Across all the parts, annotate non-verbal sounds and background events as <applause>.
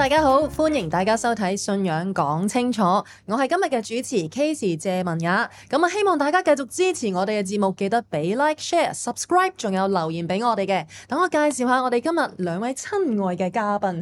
大家好，歡迎大家收睇《信仰講清楚》，我係今日嘅主持 Casey 謝文雅，咁啊希望大家繼續支持我哋嘅節目，記得俾 like、share、subscribe，仲有留言俾我哋嘅。等我介紹下我哋今日兩位親愛嘅嘉賓，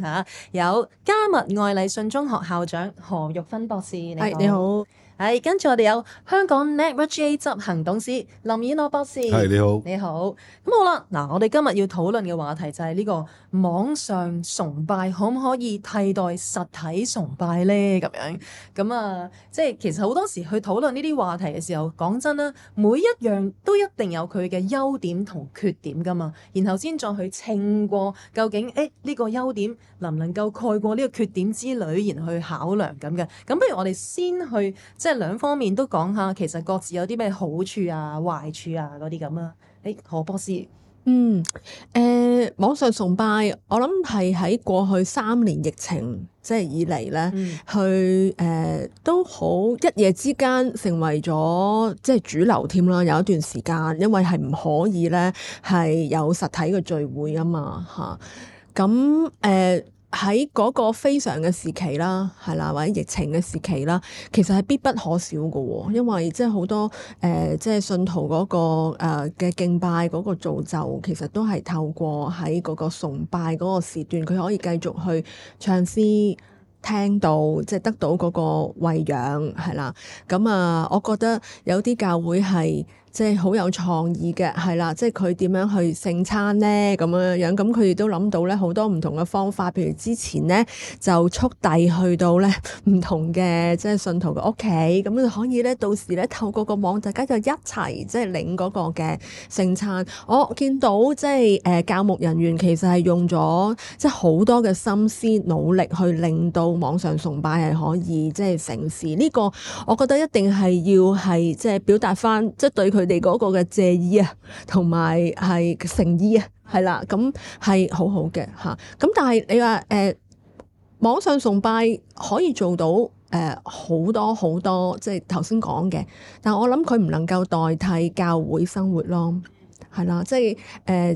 有加密愛禮信中學校長何玉芬博士。你，hey，你好。係，跟住我哋有香港 Network J 執行董事林以諾博士。係你好，你好。咁好啦，嗱，我哋今日要討論嘅話題就係呢個網上崇拜可唔可以替代實體崇拜呢？咁樣咁啊，即、嗯、係其實好多時去討論呢啲話題嘅時候，講真啦，每一樣都一定有佢嘅優點同缺點噶嘛，然後先再去稱過究竟誒呢、這個優點能唔能夠蓋過呢個缺點之類，然後去考量咁嘅。咁不如我哋先去即係兩方面都講下，其實各自有啲咩好處啊、壞處啊嗰啲咁啊？誒，何博士，嗯，誒、呃，網上崇拜，我諗係喺過去三年疫情即係以嚟咧，去誒、嗯呃、都好一夜之間成為咗即係主流添啦。有一段時間，因為係唔可以咧係有實體嘅聚會啊嘛，吓咁誒。嗯喺嗰個非常嘅時期啦，係啦，或者疫情嘅時期啦，其實係必不可少嘅喎，因為即係好多誒，即係信徒嗰、嗰個嘅、呃、敬拜嗰個造就，其實都係透過喺嗰個崇拜嗰個時段，佢可以繼續去唱詩聽到，即係得到嗰個餵養，係啦。咁啊，我覺得有啲教會係。即係好有創意嘅，係啦，即係佢點樣去聖餐呢？咁樣樣，咁佢亦都諗到咧好多唔同嘅方法，譬如之前呢，就速遞去到咧唔同嘅即係信徒嘅屋企，咁就可以咧到時咧透過個網，大家就一齊即係領嗰個嘅聖餐。我、哦、見到即係誒、呃、教牧人員其實係用咗即係好多嘅心思努力去令到網上崇拜係可以即係成事。呢、這個我覺得一定係要係即係表達翻即係對佢。.你嗰個嘅借意啊，同埋係誠意啊，係啦，咁係好好嘅，吓。咁但係你話誒，網上崇拜可以做到誒好多好多，即係頭先講嘅。但係我諗佢唔能夠代替教會生活咯，係啦，即係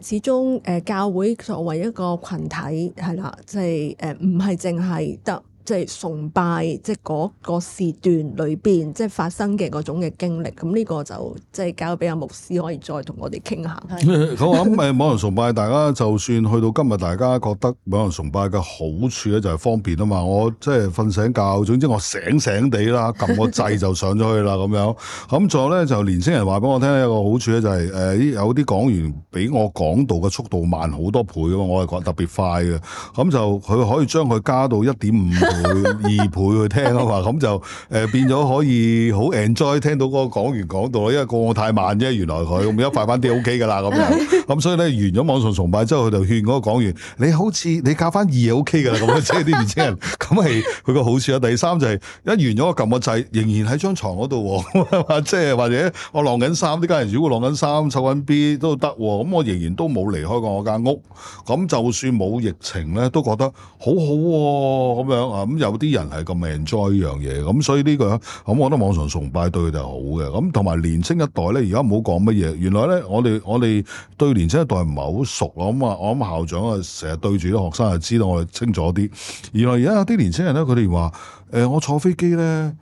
誒，始終誒教會作為一個群體，係啦，即係誒唔係淨係得。即係崇拜，即係嗰個時段裏邊即係發生嘅嗰種嘅經歷。咁呢個就即係交俾阿牧師可以再同我哋傾下。咁我諗誒， <laughs> 嗯嗯、網上崇拜大家就算去到今日，大家覺得網上崇拜嘅好處咧，就係方便啊嘛。我即係瞓醒覺，總之我醒醒地啦，撳個掣就上咗去啦咁樣。咁、嗯、仲、嗯、有咧就年青人話俾我聽，一個好處咧就係、是、誒、呃、有啲講員比我講道嘅速度慢好多倍啊！我係講特別快嘅，咁、嗯、就佢可以將佢加到一點五。二倍去聽啊嘛，咁就誒變咗可以好 enjoy 聽到嗰個講員講到，因為個案太慢啫，原來佢咁一快翻啲 O K 噶啦，咁樣，咁所以咧完咗網上崇拜之後，佢就勸嗰個講員，你好似你教翻二又 O K 噶啦，咁即係啲年輕人，咁係佢個好處一第三就係、是、一完咗個撳個掣，仍然喺張床嗰度，係即係或者我晾緊衫，啲家人如果晾緊衫、湊緊 B 都得，咁我仍然都冇離開過我間屋，咁就算冇疫情咧，都覺得好好咁樣啊。咁、嗯、有啲人係咁 enjoy 依樣嘢，咁、嗯、所以呢、這個，咁、嗯、我覺得網上崇拜對佢哋好嘅。咁同埋年青一代咧，而家唔好講乜嘢。原來咧，我哋我哋對年青一代唔係好熟咯。咁、嗯、啊，我諗校長啊，成日對住啲學生就知道我哋清楚啲。原來而家有啲年青人咧，佢哋話：誒、呃，我坐飛機咧，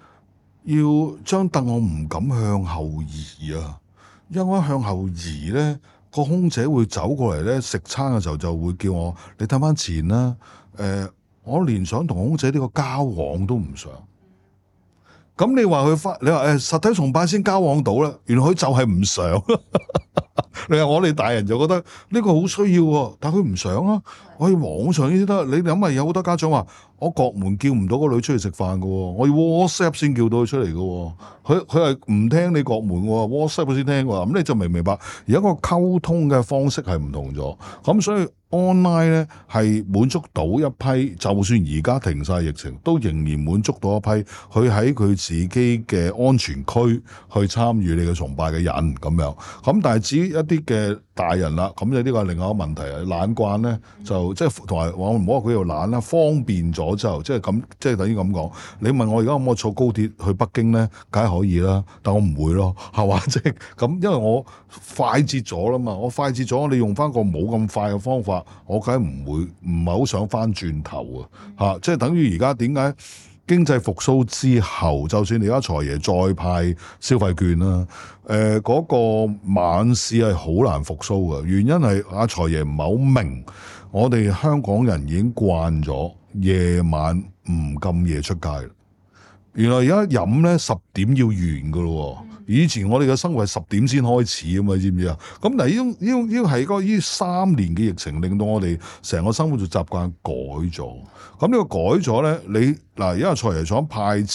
要將凳我唔敢向後移啊，因為向後移咧，個空姐會走過嚟咧，食餐嘅時候就會叫我，你睇翻前啦，誒、呃。我連想同空姐呢個交往都唔想，咁你話佢發？你話誒，實體崇拜先交往到咧？原來佢就係唔想。 <laughs> 你話我哋大人就覺得呢個好需要喎、啊，但佢唔想啊。我喺網上先得，你諗下，有好多家長話：我國門叫唔到個女出去食飯嘅，我要 WhatsApp 先叫到佢出嚟嘅、哦。佢佢係唔聽你國門喎，WhatsApp 先聽喎。咁、嗯、你就明唔明白？而家個溝通嘅方式係唔同咗。咁、嗯、所以 online 咧係滿足到一批，就算而家停晒疫情，都仍然滿足到一批。佢喺佢自己嘅安全區去參與你嘅崇拜嘅人咁樣。咁、嗯、但係至於。一啲嘅大人啦，咁呢個係另外一個問題啊，懶慣咧就即係同埋我唔好話佢又懶啦，方便咗之後即係咁，即係等於咁講。你問我而家可唔可以坐高鐵去北京咧？梗係可以啦，但我唔會咯，係嘛？即係咁，因為我快捷咗啦嘛，我快捷咗，你用翻個冇咁快嘅方法，我梗係唔會，唔係好想翻轉頭啊！嚇，即係等於而家點解？經濟復甦之後，就算而家財爺再派消費券啦，誒、呃、嗰、嗰個晚市係好難復甦嘅。原因係阿財爺唔係好明，我哋香港人已經慣咗夜晚唔咁夜出街。原來而家飲咧十點要完嘅咯喎，以前我哋嘅生活係十點先開始啊嘛，知唔知啊？咁嗱，呢種呢種呢種係嗰呢三年嘅疫情令到我哋成個生活嘅習慣改咗。咁、嗯、呢、這個改咗咧，你嗱，而家財爺廠派錢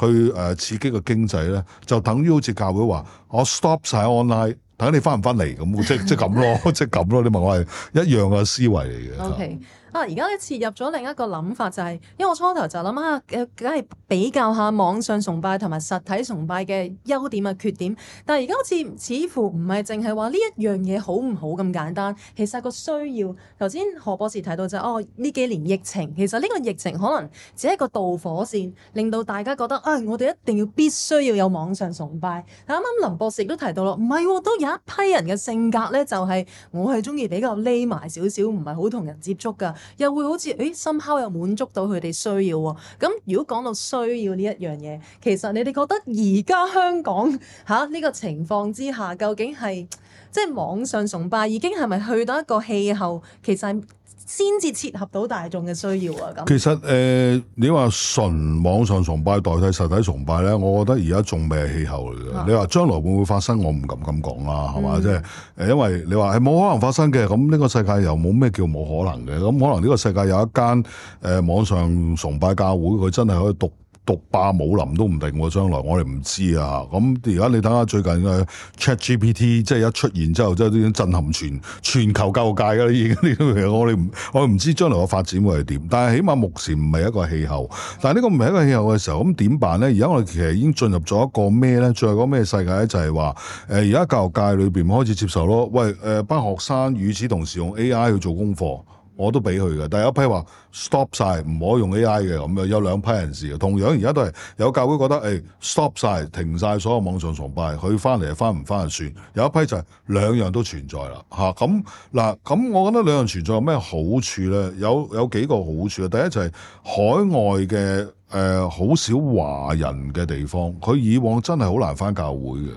去誒、呃、刺激個經濟咧，就等於好似教會話我 stop 曬 online，等你翻唔翻嚟咁，即係即係咁咯，即係咁咯。你問我係一樣嘅思維嚟嘅。Okay. 啊！而家咧切入咗另一個諗法就係，因為我初頭就諗下，梗係比較下網上崇拜同埋實體崇拜嘅優點啊、缺點。但係而家好似似乎唔係淨係話呢一樣嘢好唔好咁簡單。其實個需要頭先何博士提到就係哦，呢幾年疫情，其實呢個疫情可能只係一個導火線，令到大家覺得啊，我哋一定要必須要有網上崇拜。但啱啱林博士亦都提到咯，唔係，都有一批人嘅性格咧，就係我係中意比較匿埋少少，唔係好同人接觸噶。又會好似，誒深口又滿足到佢哋需要喎、哦。咁如果講到需要呢一樣嘢，其實你哋覺得而家香港吓，呢、啊這個情況之下，究竟係即係網上崇拜已經係咪去到一個氣候？其實係。先至切合到大眾嘅需要啊！咁其實誒、呃，你話純網上崇拜代替實體崇拜咧，我覺得而家仲未係氣候嚟嘅。啊、你話將來會唔會發生？我唔敢咁講啦，係嘛？即係誒，因為你話係冇可能發生嘅，咁呢個世界又冇咩叫冇可能嘅。咁可能呢個世界有一間誒、呃、網上崇拜教會，佢真係可以讀。獨霸武林都唔定，將來我哋唔知啊！咁而家你睇下最近嘅 ChatGPT，即係一出現之後，即係已經震撼全全球教育界嘅啦。而家呢樣嘢，我哋我唔知將來嘅發展會係點，但係起碼目前唔係一個氣候。但係呢個唔係一個氣候嘅時候，咁點辦咧？而家我哋其實已經進入咗一個咩咧？進入一個咩世界咧？就係話誒，而家教育界裏邊開始接受咯。喂，誒、呃，班學生與此同時用 AI 去做功課。我都俾佢嘅，但有一批話「stop 晒」唔可以用 A.I. 嘅咁啊，樣有兩批人士，同樣而家都係有教會覺得誒、哎、「stop 晒」，停晒所有網上崇拜，佢翻嚟就翻唔翻就算。有一批就係兩樣都存在啦嚇，咁、啊、嗱，咁我覺得兩樣存在有咩好處呢？有有幾個好處啊？第一就係海外嘅。誒好、呃、少華人嘅地方，佢以往真係好難翻教會嘅。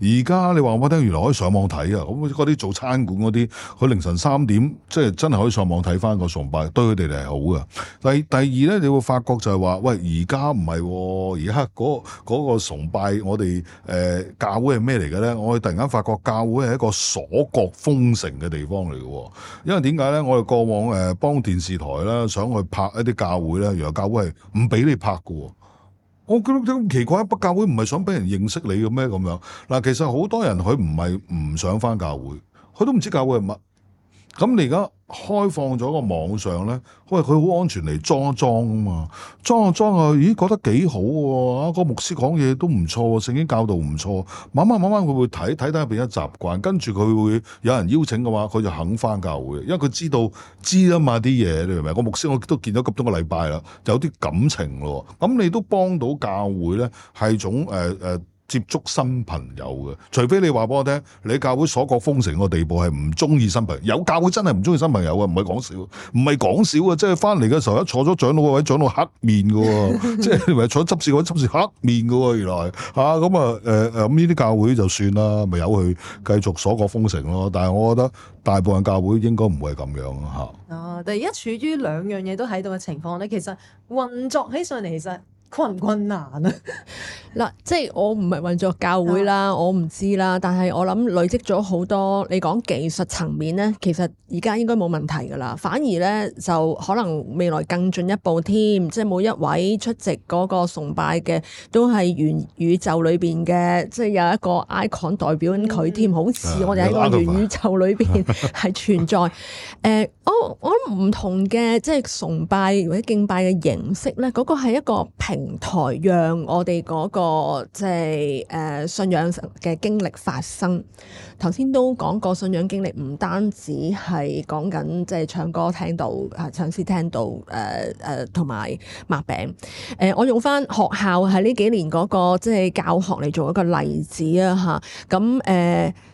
而家你話我聽，原來可以上網睇啊！咁嗰啲做餐館嗰啲，佢凌晨三點，即係真係可以上網睇翻個崇拜，對佢哋嚟係好嘅。第第二咧，你會發覺就係話，喂，而家唔係，而家嗰個崇拜，我哋誒、呃、教會係咩嚟嘅咧？我哋突然間發覺教會係一個鎖國封城嘅地方嚟嘅喎。因為點解咧？我哋過往誒、呃、幫電視台啦，想去拍一啲教會咧，原來教會係唔俾你。拍嘅，我覺得咁奇怪，北教會唔係想俾人認識你嘅咩咁樣？嗱，其實好多人佢唔係唔想翻教會，佢都唔知教會係乜。咁你而家開放咗個網上咧，喂，佢好安全嚟裝一裝啊嘛，裝啊裝啊，咦覺得幾好喎，啊，個牧師講嘢都唔錯，聖經教導唔錯，慢慢慢慢佢會睇睇睇下變咗習慣，跟住佢會有人邀請嘅話，佢就肯翻教會嘅，因為佢知道知啊嘛啲嘢，你明唔明？個牧師我都見咗咁多個禮拜啦，有啲感情咯，咁你都幫到教會咧，係種誒誒。呃呃接觸新朋友嘅，除非你話俾我聽，你教會鎖國封城個地步係唔中意新朋友。有教會真係唔中意新朋友嘅，唔係講笑，唔係講笑啊！即係翻嚟嘅時候，一坐咗長老個位，長老黑面嘅喎、啊，即係唔係坐執事位，執事黑面嘅喎，原來嚇咁啊誒誒，呢啲教會就算啦，咪由佢繼續鎖國封城咯。但係我覺得大部分教會應該唔會係咁樣嚇。啊、哦，但係一處於兩樣嘢都喺度嘅情況咧，其實運作起上嚟，其實。困難啊！嗱， <laughs> 即係我唔係運作教會啦，我唔知啦。但係我諗累積咗好多，你講技術層面咧，其實而家應該冇問題噶啦。反而咧就可能未來更進一步添，即係每一位出席嗰個崇拜嘅，都係元宇宙裏邊嘅，即係有一個 icon 代表緊佢添。嗯、好似我哋喺個元宇宙裏邊係存在。誒、 <laughs> <laughs> 欸，我我諗唔同嘅即係崇拜或者敬拜嘅形式咧，嗰、那個係一個平。平台，讓我哋嗰、那個即係誒信仰嘅經歷發生。頭先都講過信仰經歷，唔單止係講緊即係唱歌聽到，係唱詩聽到，誒、呃、誒，同埋擘餅。誒、呃，我用返學校喺呢幾年嗰、那個即係、呃、教學嚟做一個例子啊！嚇、呃，咁、呃、誒。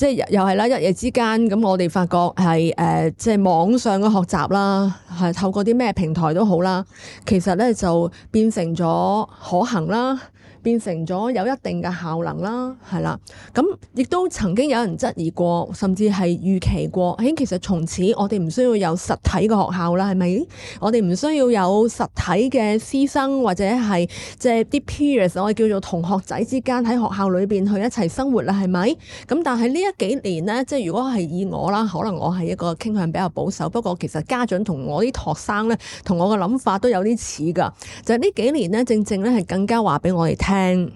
即係又係啦，一夜之間咁，我哋發覺係誒、呃，即係網上嘅學習啦，係透過啲咩平台都好啦，其實咧就變成咗可行啦。變成咗有一定嘅效能啦，係啦，咁亦都曾經有人質疑過，甚至係預期過，咦？其實從此我哋唔需要有實體嘅學校啦，係咪？我哋唔需要有實體嘅師生或者係即係啲 peers，我哋叫做同學仔之間喺學校裏邊去一齊生活啦，係咪？咁但係呢一幾年呢，即係如果係以我啦，可能我係一個傾向比較保守，不過其實家長同我啲學生呢，同我嘅諗法都有啲似㗎，就係呢幾年呢，正正咧係更加話俾我哋聽。聽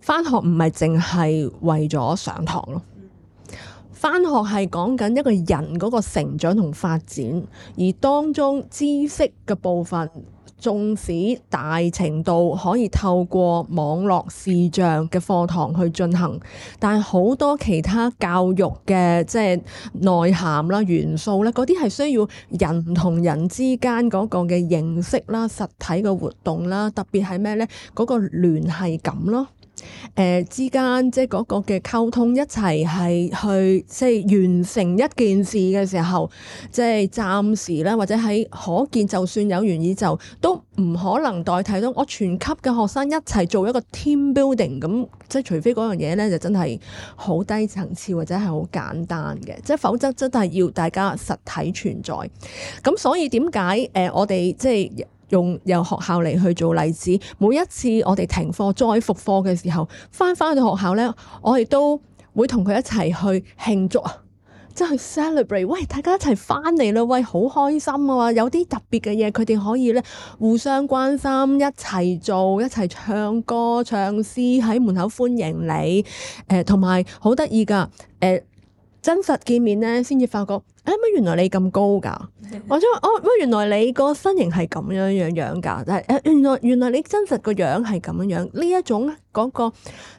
翻、嗯、學唔係淨係為咗上堂咯，翻學係講緊一個人嗰個成長同發展，而當中知識嘅部分。縱使大程度可以透過網絡視像嘅課堂去進行，但係好多其他教育嘅即係內涵啦、元素咧，嗰啲係需要人同人之間嗰個嘅認識啦、實體嘅活動啦，特別係咩咧？嗰、嗰個聯繫感咯。誒之間即係嗰個嘅溝通一齊係去即係完成一件事嘅時候，即係暫時咧，或者喺可見，就算有願意就都唔可能代替到我全級嘅學生一齊做一個 team building，咁即係除非嗰樣嘢咧就真係好低層次或者係好簡單嘅，即係否則真係要大家實體存在。咁所以點解誒我哋即係？用由學校嚟去做例子，每一次我哋停課再復課嘅時候，翻翻去學校呢，我哋都會同佢一齊去慶祝啊，即係去 celebrate，喂，大家一齊翻嚟啦，喂，好開心啊，有啲特別嘅嘢，佢哋可以呢互相關心，一齊做，一齊唱歌、唱詩喺門口歡迎你，誒、呃，同埋好得意噶，誒、呃，真實見面呢，先至發覺。誒，乜、哎、原來你咁高噶？ <laughs> 我想我乜、哦、原來你個身形係咁樣樣樣噶？但係誒，原來原來你真實個樣係咁樣樣。呢一種嗰個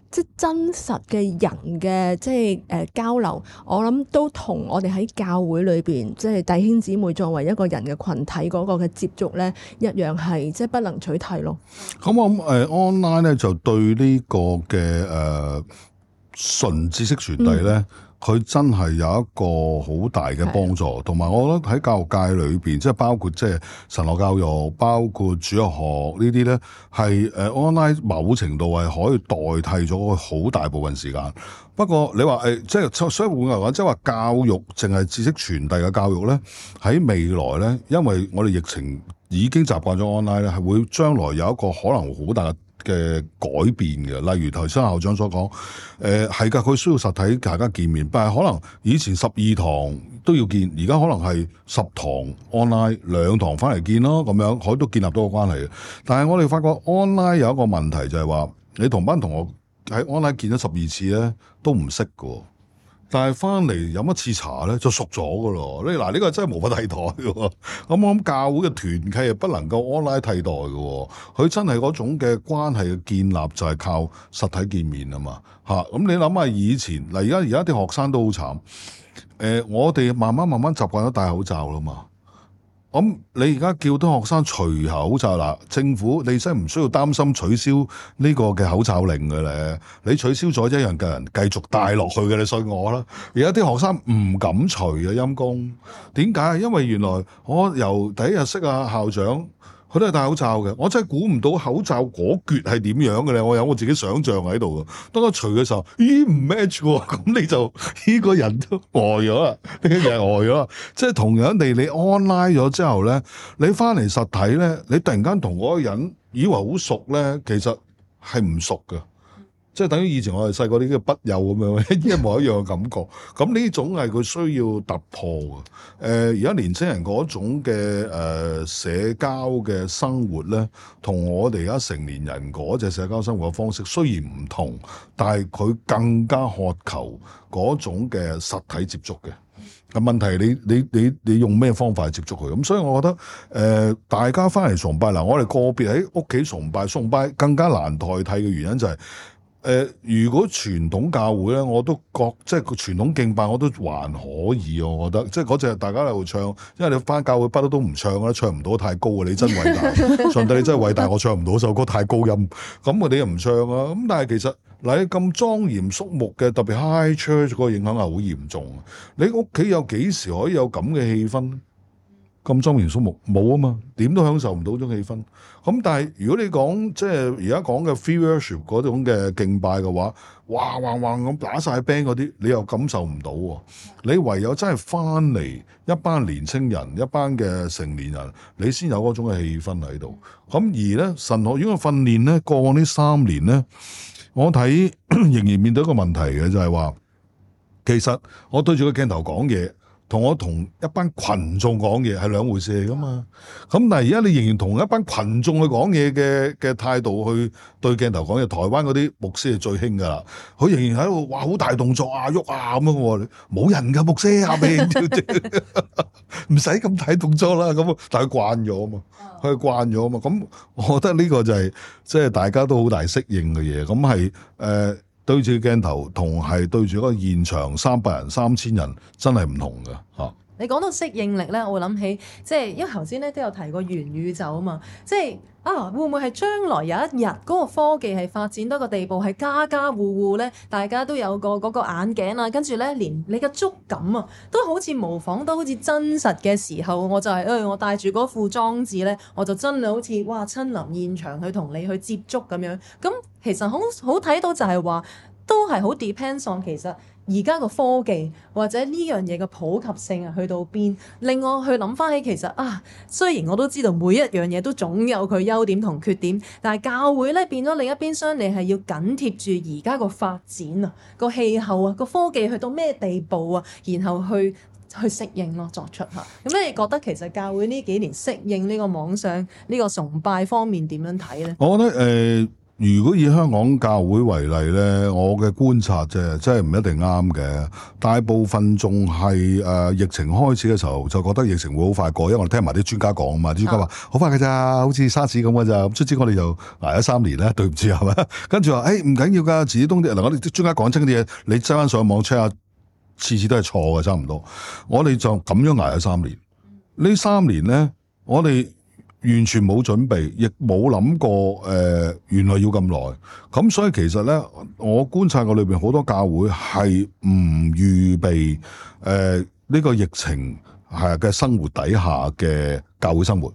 即係真實嘅人嘅即係誒、呃、交流，我諗都同我哋喺教會裏邊即係弟兄姊妹作為一個人嘅群體嗰個嘅接觸咧，一樣係即係不能取替咯。咁我諗誒 online 咧就對呢個嘅誒純知識傳遞咧。嗯佢真係有一個好大嘅幫助，同埋的我覺得喺教育界裏邊即係包括即係神學教育，包括主日學呢啲咧，係誒、呃、online 某程度係可以代替咗佢好大部分時間。不過你話誒即係所以換句話講，即係話教育淨係知識傳遞嘅教育咧，喺未來咧，因為我哋疫情已經習慣咗 online 咧，係會將來有一個可能好大。嘅。嘅改變嘅，例如頭先校長所講，誒係㗎，佢需要實體大家見面，但係可能以前十二堂都要見，而家可能係十堂 online 兩堂翻嚟見咯，咁樣佢都建立到個關係。但係我哋發覺 online 有一個問題就係話，你同班同學喺 online 見咗十二次咧，都唔識㗎。但係翻嚟飲一次茶咧，就熟咗噶咯。你嗱呢個真係無法替代嘅。咁我諗教會嘅團契又不能夠 online 替代嘅。佢真係嗰種嘅關係嘅建立就係靠實體見面啊嘛。嚇、嗯，咁你諗下以前嗱，而家而家啲學生都好慘。誒、呃，我哋慢慢慢慢習慣咗戴口罩啦嘛。我你而家叫多學生除口罩啦，政府你真係唔需要擔心取消呢個嘅口罩令嘅咧，你取消咗一樣嘅人,人繼續戴落去嘅你信我啦，而家啲學生唔敢除嘅、啊、陰公，點解？因為原來我由第一日識啊校長。佢都係戴口罩嘅，我真係估唔到口罩嗰橛係點樣嘅咧。我有我自己想像喺度嘅。當我除嘅時候，咦唔 match 喎、哦，咁 <laughs> 你就呢、這個人都呆咗啦，呢、這個人呆咗啦。 <laughs> 即係同樣地，你 online 咗之後咧，你翻嚟實體咧，你突然間同嗰個人以為好熟咧，其實係唔熟嘅。即係等於以前我哋細個啲嘅筆友咁樣，一模一樣嘅感覺。咁呢種係佢需要突破嘅。誒、呃，而家年輕人嗰種嘅誒、呃、社交嘅生活咧，同我哋而家成年人嗰隻社交生活嘅方式雖然唔同，但係佢更加渴求嗰種嘅實體接觸嘅。咁問題你你你你用咩方法去接觸佢？咁所以我覺得誒、呃，大家返嚟崇拜嗱，我哋個別喺屋企崇拜崇拜，崇拜崇拜更加難代替嘅原因就係、是。誒、呃，如果傳統教會咧，我都覺即係個傳統敬拜我都還可以，我覺得即係嗰隻大家喺度唱，因為你翻教會不嬲都唔唱啦，唱唔到太高啊！你真偉大， <laughs> 上帝你真偉大，我唱唔到首歌太高音，咁我哋又唔唱啊！咁但係其實嗱，你咁莊嚴肅穆嘅，特別 High Church 個影響係好嚴重。你屋企有幾時可以有咁嘅氣氛？咁莊嚴肅穆冇啊嘛，點都享受唔到嗰種氣氛。咁、嗯、但係如果你講即係而家講嘅 free worship 嗰種嘅敬拜嘅話，哇嘩嘩咁打晒 band 嗰啲，你又感受唔到喎。你唯有真係翻嚟一班年青人、一班嘅成年人，你先有嗰種嘅氣氛喺度。咁、嗯、而咧神學院嘅訓練咧，過往呢三年咧，我睇仍然面對一個問題嘅就係、是、話，其實我對住個鏡頭講嘢。同我同一班群眾講嘢係兩回事嚟噶嘛？咁但係而家你仍然同一班群眾去講嘢嘅嘅態度去對鏡頭講嘢，台灣嗰啲牧師係最興噶啦。佢仍然喺度，哇！好大動作啊，喐啊咁樣冇、啊、人噶牧師啊，咩？唔使咁睇動作啦。咁但係佢慣咗啊嘛，佢、哦、慣咗啊嘛。咁我覺得呢個就係、是、即係大家都好大適應嘅嘢。咁係誒。呃對住個鏡頭，同係對住嗰個現場三百人、三千人，真係唔同嘅。你講到適應力咧，我會諗起即係，因為頭先咧都有提過元宇宙啊嘛，即係啊會唔會係將來有一日嗰個科技係發展到一個地步，係家家戶戶咧，大家都有個嗰個眼鏡啦，跟住咧連你嘅觸感啊，都好似模仿得好似真實嘅時候，我就係誒，我戴住嗰副裝置咧，我就真係好似哇親臨現場去同你去接觸咁樣。咁其實好好睇到就係話，都係好 depends on 其實。而家個科技或者呢樣嘢嘅普及性啊，去到邊，令我去諗翻起其實啊，雖然我都知道每一樣嘢都總有佢優點同缺點，但係教會咧變咗另一邊廂，你係要緊貼住而家個發展啊，個氣候啊，個科技去到咩地步啊，然後去去適應咯，作出吓。咁你覺得其實教會呢幾年適應呢個網上呢個崇拜方面點樣睇呢？我覺得誒。呃如果以香港教會為例咧，我嘅觀察就真係唔一定啱嘅。大部分仲係誒，疫情開始嘅時候就覺得疫情會好快過，因為我哋聽埋啲專家講啊嘛。專家話好、啊、快嘅咋，好似沙士咁嘅咋。咁出之我哋就挨咗三年啦，對唔住係咪？跟住話誒唔緊要噶，自啲都啲嗱，我哋啲專家講清啲嘢，你即刻上網 check 下，次次都係錯嘅，差唔多。我哋就咁樣挨咗三年。呢三年咧，我哋。完全冇準備，亦冇諗過。誒、呃，原來要咁耐，咁所以其實咧，我觀察過裏邊好多教會係唔預備。誒、呃，呢個疫情係嘅生活底下嘅教會生活，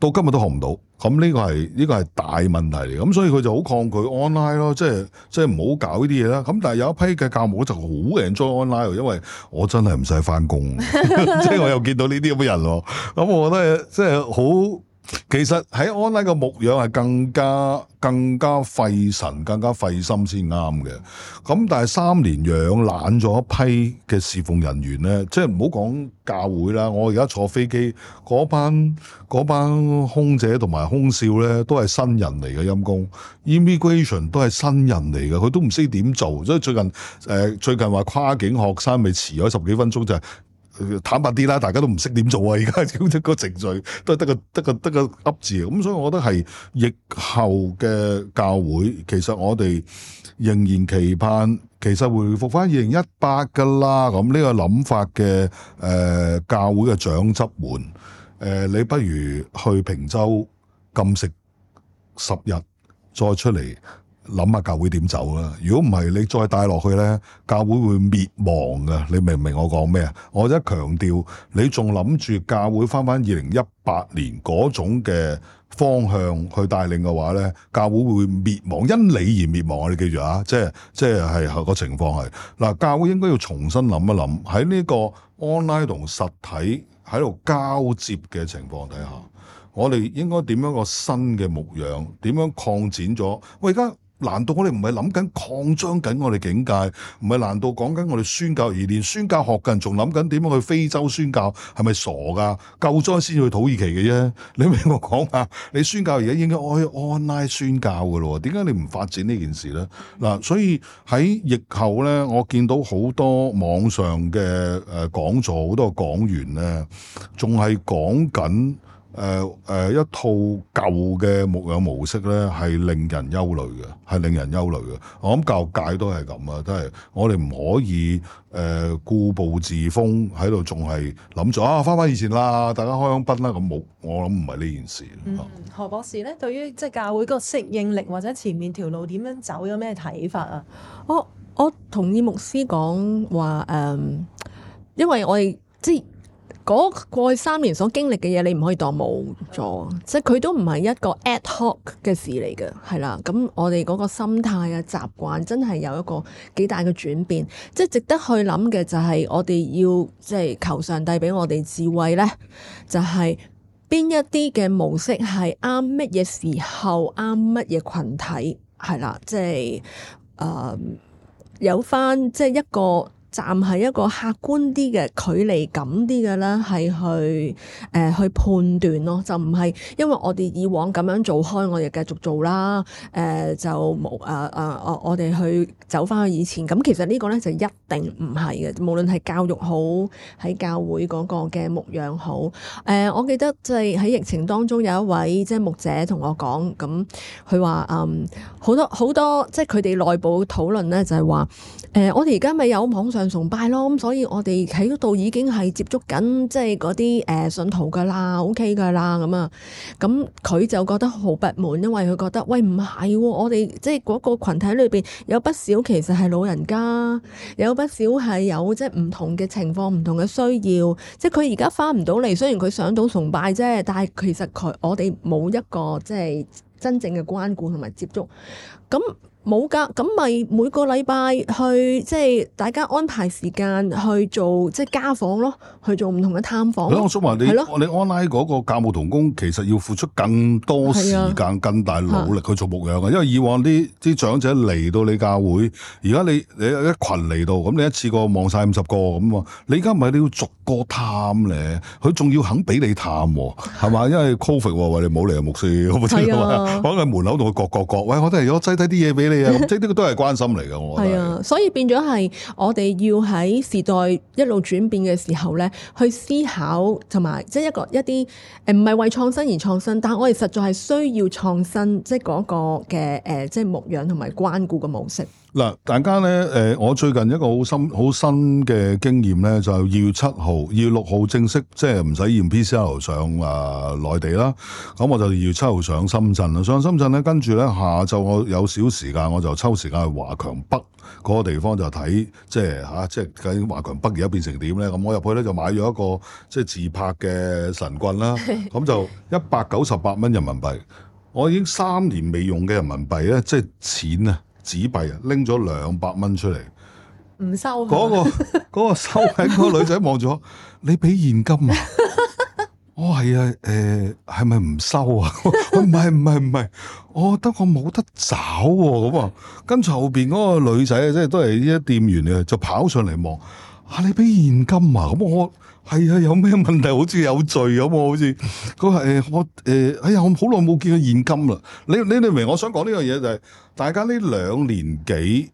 到今日都學唔到。咁呢個係呢個係大問題嚟，咁所以佢就好抗拒 online 咯，即係即係唔好搞呢啲嘢啦。咁但係有一批嘅教務就好 enjoy online，因為我真係唔使返工，即係 <laughs> <laughs> 我又見到呢啲咁嘅人咯。咁我覺得即係好。其實喺 online 嘅牧養係更加更加費神，更加費心先啱嘅。咁但係三年養懶咗一批嘅侍奉人員咧，即係唔好講教會啦。我而家坐飛機嗰班班空姐同埋空少咧都係新人嚟嘅，陰公 immigration 都係新人嚟嘅，佢都唔識點做。所以最近誒、呃，最近話跨境學生咪遲咗十幾分鐘就係。坦白啲啦，大家都唔識點做啊！而家只個程序都係得個得個得個噏字，咁所以我覺得係疫後嘅教會，其實我哋仍然期盼，其實回復翻二零一八㗎啦。咁呢個諗法嘅誒、呃、教會嘅長執們，誒、呃、你不如去坪洲禁食十日，再出嚟。諗下教會點走啊？如果唔係，你再帶落去咧，教會會滅亡嘅。你明唔明我講咩啊？我一強調，你仲諗住教會翻翻二零一八年嗰種嘅方向去帶領嘅話咧，教會會滅亡，因你而滅亡。你記住啊，即係即係係、這個情況係嗱，教會應該要重新諗一諗喺呢個 online 同實體喺度交接嘅情況底下，我哋應該點樣個新嘅牧養？點樣擴展咗？我而家。難道我哋唔係諗緊擴張緊我哋境界？唔係難道講緊我哋宣教而連宣教學嘅人仲諗緊點樣去非洲宣教？係咪傻㗎？救災先去土耳其嘅啫！你明我講啊？你宣教而家應該去 online 宣教嘅咯？點解你唔發展呢件事咧？嗱、嗯，所以喺疫後咧，我見到好多網上嘅誒講座，好多講員咧，仲係講緊。誒誒、呃呃、一套舊嘅牧養模式咧，係令人憂慮嘅，係令人憂慮嘅。我諗教界都係咁、呃、啊，都係我哋唔可以誒固步自封喺度，仲係諗咗啊，翻翻以前啦，大家開香檳啦，咁冇，我諗唔係呢件事、嗯。何博士咧，對於即係教會個適應力或者前面條路點樣走有咩睇法啊？我我同意牧師講話誒，因為我哋即係。嗰過去三年所經歷嘅嘢，你唔可以當冇咗，即係佢都唔係一個 ad hoc 嘅事嚟嘅，係啦。咁我哋嗰個心態嘅習慣真係有一個幾大嘅轉變，即係值得去諗嘅就係我哋要即係求上帝俾我哋智慧呢，就係邊一啲嘅模式係啱乜嘢時候啱乜嘢群體，係啦，即係、呃、有返即係一個。站係一個客觀啲嘅距離感啲嘅咧，係去誒、呃、去判斷咯，就唔係，因為我哋以往咁樣做開，我哋繼續做啦。誒、呃、就冇誒誒誒，我哋去走翻去以前。咁其實呢個咧就一定唔係嘅，無論係教育好，喺教會個嘅牧養好。誒、呃、我記得即係喺疫情當中有一位即係、就是、牧者同我講，咁佢話誒好多好多即係佢哋內部討論咧，就係話誒我哋而家咪有網上崇拜咯，咁、嗯、所以我哋喺度已經係接觸緊，即係嗰啲誒信徒噶啦，OK 噶啦，咁啊，咁佢就覺得好不滿，因為佢覺得喂唔係、哦，我哋即係嗰個群體裏邊有不少其實係老人家，有不少係有即係唔同嘅情況、唔同嘅需要，即係佢而家翻唔到嚟，雖然佢上到崇拜啫，但係其實佢我哋冇一個即係、就是、真正嘅關顧同埋接觸，咁、嗯。冇噶，咁咪每個禮拜去，即係大家安排時間去做即係家訪咯，去做唔同嘅探訪。你我想問你，的你安拉嗰個教牧同工其實要付出更多時間、更大努力去做牧養啊？因為以往啲啲長者嚟到你教會，而家你你一群嚟到，咁你一次過望晒五十個咁啊！你而家唔係你要逐個探咧，佢仲要肯俾你探喎，係嘛？因為 covid 喂，你冇嚟啊牧師，好唔知啊喺佢門口度佢各各各喂，如果我都係我擠低啲嘢俾。即係呢個都係關心嚟㗎，我覺得。係啊，所以變咗係我哋要喺時代一路轉變嘅時候咧，去思考同埋即係一個一啲誒唔係為創新而創新，但係我哋實在係需要創新，即係嗰個嘅誒，即係牧養同埋關顧嘅模式。嗱，大家咧，誒、呃，我最近一個好深、好新嘅經驗咧，就係二月七號、二月六號正式即係唔使驗 PCR 上啊內地啦。咁我就二月七號上深圳啦。上深圳咧，跟住咧下晝我有少時間，我就抽時間去華強北嗰個地方就睇，即係嚇、啊，即係究竟華強北而家變成點咧？咁我入去咧就買咗一個即係自拍嘅神棍啦。咁 <laughs> 就一百九十八蚊人民幣，我已經三年未用嘅人民幣咧，即係錢啊！紙幣啊！拎咗兩百蚊出嚟，唔收嗰、嗰個、 <laughs> 個收銀嗰個女仔望咗， <laughs> 你俾現金啊！哦，係啊，誒係咪唔收啊？唔係唔係唔係，哦、我得我冇得找喎咁啊！跟住後邊嗰個女仔即係都係啲店員嚟，就跑上嚟望啊！你俾現金啊！咁我。係啊、哎，有咩問題？好似有罪咁喎，好似佢係我誒、呃，哎呀，我好耐冇見過現金啦！你你哋明，我想講呢樣嘢就係、是，大家呢兩年幾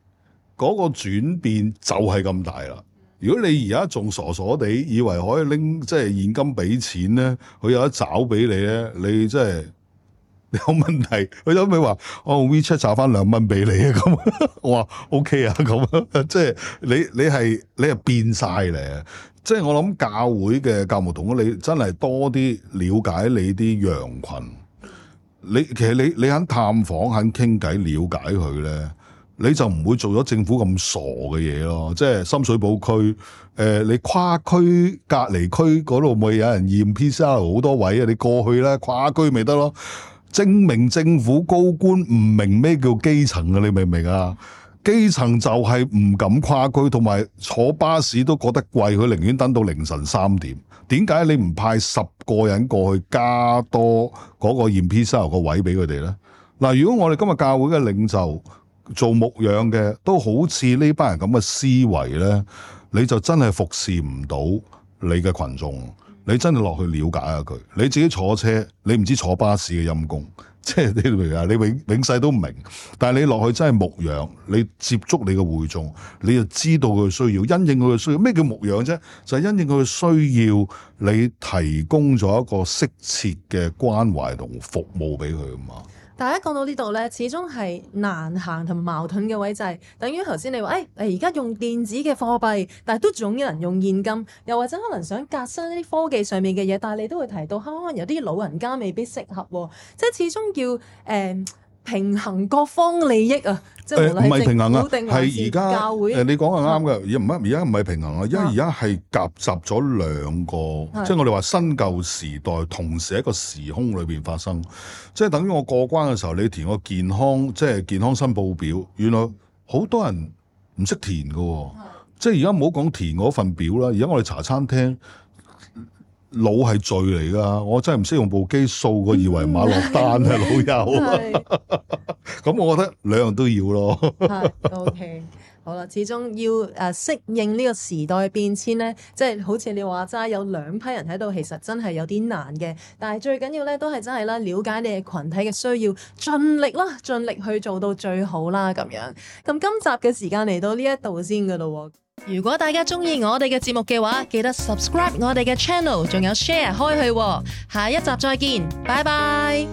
嗰、那個轉變就係咁大啦！如果你而家仲傻傻地，以為可以拎即係現金俾錢咧，佢有得找俾你咧，你真係～有問題，佢都味話我用 WeChat 刷翻兩蚊俾你啊！我話 OK 啊！咁啊，即係你你係你係變曬咧！即係我諗教會嘅教牧同你真係多啲了解你啲羊群。你其實你你肯探訪、肯傾偈、了解佢咧，你就唔會做咗政府咁傻嘅嘢咯。即係深水埗區，誒、呃、你跨區隔離區嗰度咪有人驗 PCR 好多位啊！你過去咧跨區咪得咯？證明政府高官唔明咩叫基層嘅，你明唔明啊？基層就係唔敢跨區，同埋坐巴士都覺得貴，佢寧願等到凌晨三點。點解你唔派十個人過去加多嗰個驗 PCR 個位俾佢哋呢？嗱，如果我哋今日教會嘅領袖做牧養嘅都好似呢班人咁嘅思維呢，你就真係服侍唔到你嘅群眾。你真係落去了解下佢，你自己坐車，你唔知坐巴士嘅陰公，即係你明啊，你永永世都唔明，但係你落去真係牧養，你接觸你嘅會眾，你就知道佢需要，因應佢嘅需要。咩叫牧養啫？就係因應佢嘅需要，你提供咗一個適切嘅關懷同服務俾佢啊嘛。大家講到呢度咧，始終係難行同矛盾嘅位就係，等於頭先你話，誒誒而家用電子嘅貨幣，但係都仲有人用現金，又或者可能想革新一啲科技上面嘅嘢，但係你都會提到，可能有啲老人家未必適合，即係始終要誒。呃平衡各方利益啊！誒唔係平衡啊，係而家教會誒你講係啱嘅。而家唔啱，而家唔係平衡啊，因為而家係夾雜咗兩個，啊、即係我哋話新舊時代同時喺個時空裏邊發生，即係等於我過關嘅時候，你填個健康即係健康申報表，原來好多人唔識填嘅，即係而家唔好講填嗰份表啦，而家我哋查餐廳。老係罪嚟㗎，我真係唔識用部機掃個二維碼落單啊， <laughs> 老友。咁 <laughs> 是 <laughs> 我覺得兩樣都要咯。 <laughs> OK，好啦，始終要誒、呃、適應呢個時代變遷咧，即、就、係、是、好似你話齋，有兩批人喺度，其實真係有啲難嘅。但係最緊要咧，都係真係啦，了解你哋群體嘅需要，盡力啦，盡力去做到最好啦，咁樣。咁今集嘅時間嚟到呢一度先㗎咯喎。如果大家中意我哋嘅節目嘅話，記得 subscribe 我哋嘅 channel，仲有 share 開去喔。下一集再見，拜拜。